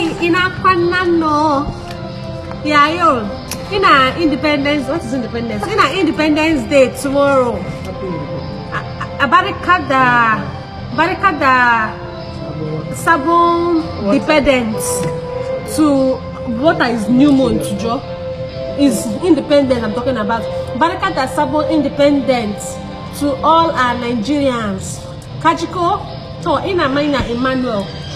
saying ina kwana no. Yeah, yo. Ina Independence. What is Independence? Ina Independence Day tomorrow. Abarikada. Barikada. Sabon dependence to what is new moon to draw is independent I'm talking about. Barikada Sabon independent to all our Nigerians. Kajiko, to ina mina Emmanuel.